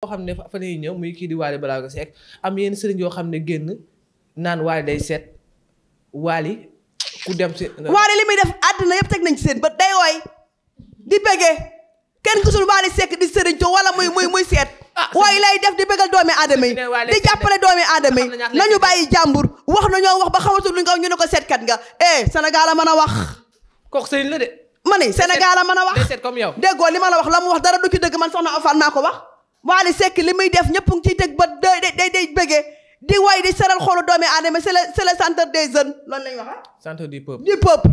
boo xam ne fan yii ñëw muy kii di Waly Balago Seck am yenn sëriñ yoo xam ne génn naan Waly day seet Waly ku dem si. Waly li muy def àdduna yëpp teg nañ ci ba bët day woy di bëggee kenn gisul Waly Seck di sëriñ to wala muy muy muy seet. Ah, woy lay def di bëggal doomi aadama yi di jàppale doomi aadama yi nañu bàyyi jàmbur wax nañoo wax ba xamatul lu nga ñu ne ko seetkat nga eh Sénégal a mën a wax. kooku sëriñ la de. ma ne Sénégal a mën a wax. day seet comme yow li ma la wax la mu dara du ci dëgg man soxna naa ko Wally sekk li muy def ñëpp ngi ciy teg ba day day day bëggee di way di seral xolu doomi aadama c'est le c'est le centre des jeunes loolu la ñu wax ah? centre du peuple du peuple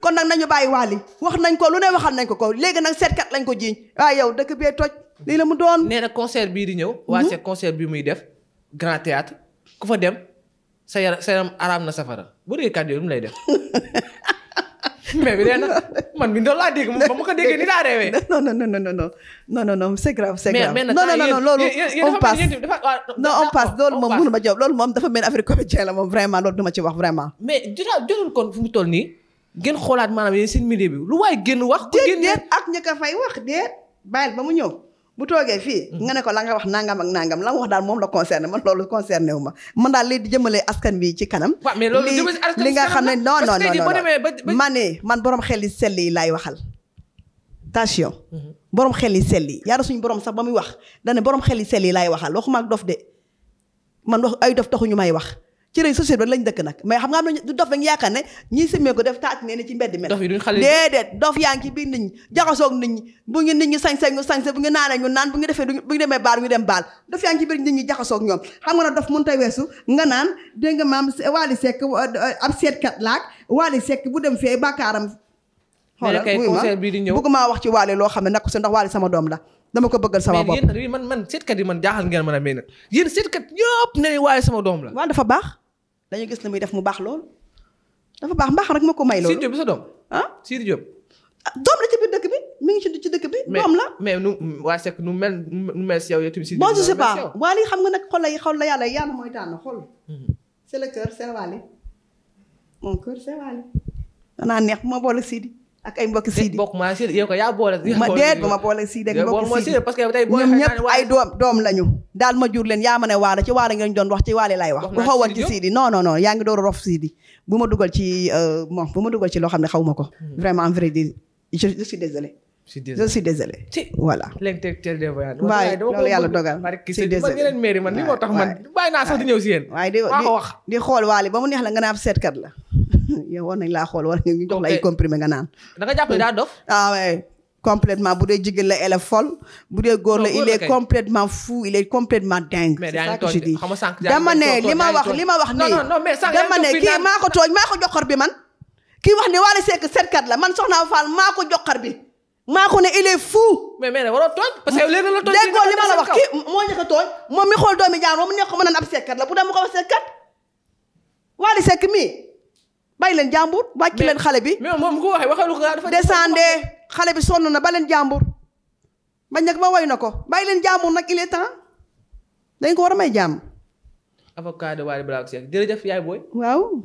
kon nag nañu bàyyi Wally wax nañ ko lu ne waxal nañ ko ko léegi nag seetkat lañ ko jiiñ waaye yow dëkk bee toj lii la mu doon nee na concert bii di ñëw mhm. waa c'est concert bi muy def grand théâtre ku fa dem sa yaram sa araam na safara bu dee kàddu mu lay def mais bi dee na man mi doon laa dégg moom ba ma ko déggee ni laa reewee. non non non non non non non non c'est grave c'est grave. mais mais nag yéen loolu on passe ah, non on passe loolu moom mënu ma job loolu moom dafa mel ni affaire comédien la moom vraiment loolu du ma ci wax vraiment. mais jotaal jotul kon fu mu toll nii. ngeen xoolaat maanaam yéen seen milieu bi lu waay génn wax. ku génn déet ak ña ka fay wax déet bàyyil ba mu ñëw. bu toogee fii mm-hmm. nga ne ko la nga wax nangam ak nangam la nga wax daal moom la concerné man loolu concerné wu ma man daal lii di jëmale askan bi ci kanam li li nga xam ne non non non ma ne man borom xel yi sell yi laay waxal attention mm-hmm. borom xel yi sell yi yaara suñu borom sax ba muy wax dane borom xel yi sell yi laay waxal waxuma ak dof de man wax ay dof taxuñu may wax ci lañ société bi lañ dëkk nag mais xam nga am na du dof dañ yaakaar ne ñi simmee ko def taat nee ni ci mbedd mel déedéet dof yaa ngi ci biir nit ñi jaxasoog nit ñi bu ngi naan bu ngi defee bu dof yaa ngi ci biir nit jaxasoog ñoom xam nga ne dof mënut a weesu nga naan dégg nga maam sekk euh, Seck bu dem fee bàkkaaram xoolal bëgguma wax ci loo xam ne nag ndax Wally sama doom la dama ko bëggal sama bopp man man seetkat yi man jaaxal ngeen mën a mel yéen seetkat yëpp ne Wally sama doom la waa dafa baax dañu gis ne muy def mu baax lool dafa baax mbaaxam rek ma ko may. loolu Sidy Diop sa doom. ah Sidy Diop. ah doom la dëkk bi mi ngi ci dëkk bi. doom la mais mais nu waa Seck nu mel nu mel si yow yow tamit Sidy Diop bon je sais pas waa lii xam nga nag xol la xol la yàlla yàlla mooy tànn xol. Mhm. c'est le cœur c'est Wally mon cœur c'est neex bu ma boole Sidy ak ay mbokk Sidi bokk maa Sidi yow ko yaa boole. ma déet ba ma boole Sidi ak mbokk Sidi ñëpp ay doom lañu. daal ma jur leen yaa ma ne waalo ci waalo ngeen doon wax ci waale lay wax. a rof Sidi. bu euh, loo xam ne xaw ma ko. Hmm. vraiment en vrai dire je je suis désolé. yàlla dogal. je suis désolé man ngeen mairie man li moo tax man bàyyi xool waale ba mu neex la nga naan seetkat la yow war nañ laa xool war nañ jox la ay nga naan. da nga jàpp ne daa dof. ah oui bu dee jigéen la elle est bu dee góor la il est complètement fou il est complètement dingue. c'est ça que je dis li ma wax li ma wax nii. non non mais sànq dama ne kii maa ko tooñ maa ko joxor bi la man Soxna Fall maa ko joxor bi. maa ko ne il est fou. mais mais waroo tooñ. parce que léegi la tooñ déggoo li ma la wax kii moo ñu ko tooñ. moom mi xool doomi jaan moom mu nekk ko mën naan ab seetkat la bu dee mu ko wax seetkat Wally Seck mii bàyyi leen jàmbur wàcc leen xale bi. mais moom ku waxee waxalu ko dafa descendé xale bi sonn na ba leen jàmbur. bañ nag ba way na ko bàyyi leen jàmbur nag il est temps dañ ko war a may jàmm. avocat de Wally Ballago Seck jërëjëf yaay booy waaw.